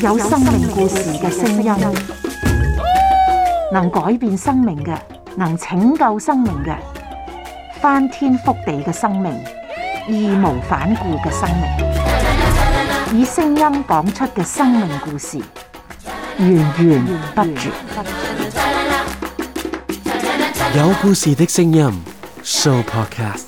有生命故事嘅聲音，能改變生命嘅，能拯救生命嘅，翻天覆地嘅生命，義無反顧嘅生命，以聲音講出嘅生命故事，源源不絕。有故事嘅聲音，Show Podcast。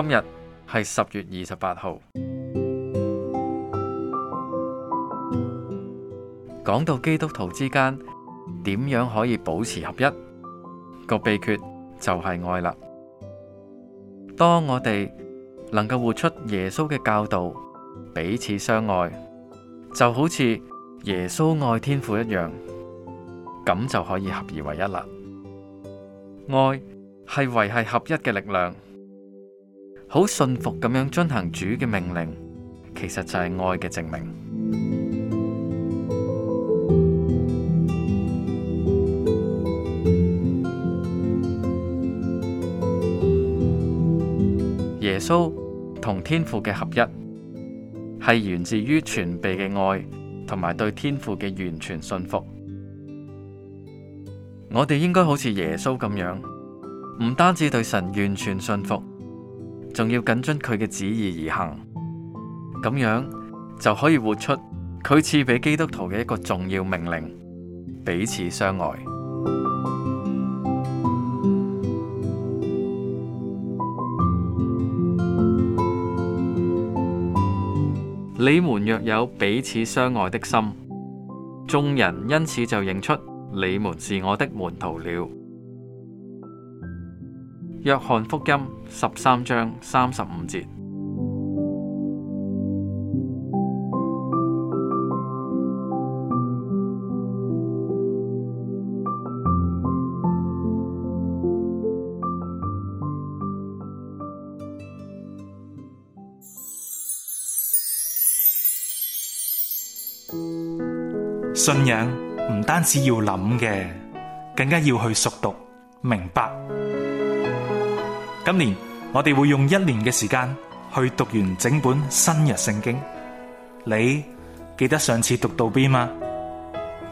今日係十月二十八號。講到基督徒之間點樣可以保持合一，個秘訣就係愛啦。當我哋能夠活出耶穌嘅教導，彼此相愛，就好似耶穌愛天父一樣，咁就可以合二為一啦。愛係維繫合一嘅力量。好信服咁樣進行主嘅命令，其實就係愛嘅證明。耶穌同天父嘅合一係源自於全備嘅愛，同埋對天父嘅完全信服。我哋應該好似耶穌咁樣，唔單止對神完全信服。仲要緊遵佢嘅旨意而行，咁樣就可以活出佢賜俾基督徒嘅一個重要命令：彼此相愛。你們 若有彼此相愛的心，眾人因此就認出你們是我的門徒了。約翰福音十三章三十五節，信仰唔單止要諗嘅，更加要去熟讀明白。今年我哋會用一年嘅時間去讀完整本新約聖經。你記得上次讀到邊嗎？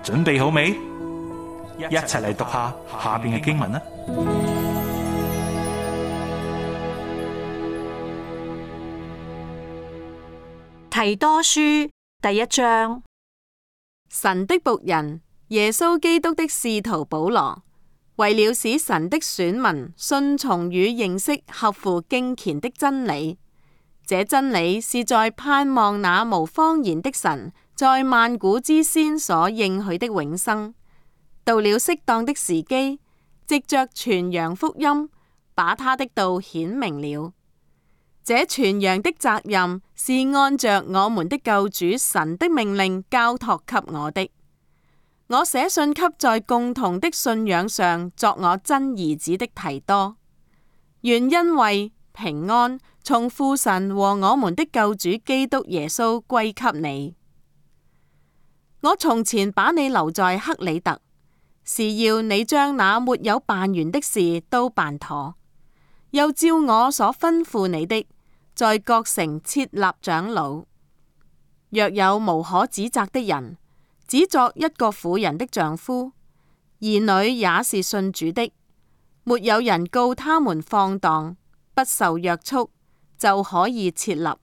準備好未？一齊嚟讀下下邊嘅經文啦。提多書第一章，神的僕人耶穌基督的使徒保羅。為了使神的選民信從與認識合乎敬虔的真理，這真理是在盼望那無謊言的神在萬古之先所應許的永生。到了適當的時機，藉着傳揚福音，把他的道顯明了。這傳揚的責任是按着我們的救主神的命令交託給我的。我寫信給在共同的信仰上作我真兒子的提多，願恩惠、平安從父神和我們的救主基督耶穌歸給你。我從前把你留在克里特，是要你將那沒有辦完的事都辦妥，又照我所吩咐你的，在各城設立長老。若有無可指責的人。只作一個婦人的丈夫，兒女也是信主的，沒有人告他們放蕩、不受約束，就可以設立。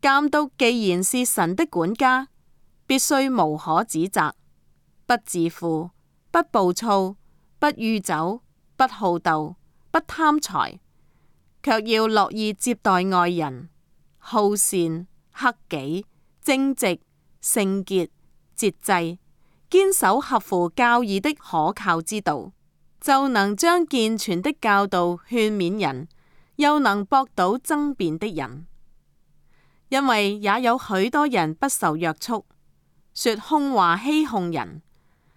監督既然是神的管家，必須無可指責，不自負、不暴躁、不酗酒、不好鬥、不貪財，却要樂意接待外人，好善、克己、正直、聖潔。節制，堅守合乎教義的可靠之道，就能將健全的教導勸勉人，又能駁倒爭辯的人。因為也有許多人不受約束，說空話欺哄人，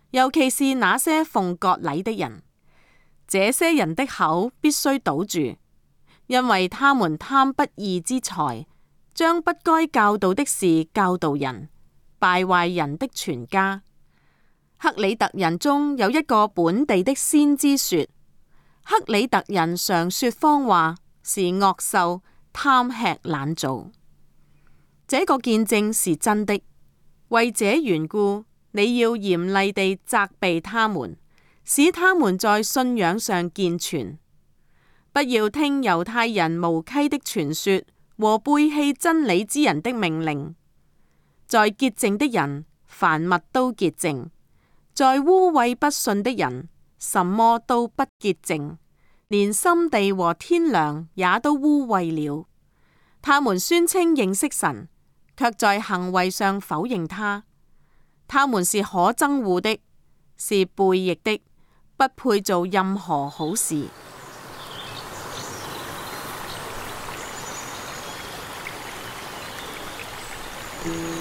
尤其是那些奉割禮的人。這些人的口必須堵住，因為他們貪不義之財，將不該教導的事教導人。敗壞人的全家。克里特人中有一個本地的先知說：克里特人常說謊話，是惡獸，貪吃懶做。這個見證是真的。為這緣故，你要嚴厲地責備他們，使他們在信仰上健全。不要聽猶太人無稽的傳說和背棄真理之人的命令。在潔淨的人，凡物都潔淨；在污穢不順的人，什麼都不潔淨，連心地和天良也都污穢了。他們宣稱認識神，卻在行為上否認他。他們是可憎惡的，是背逆的，不配做任何好事。嗯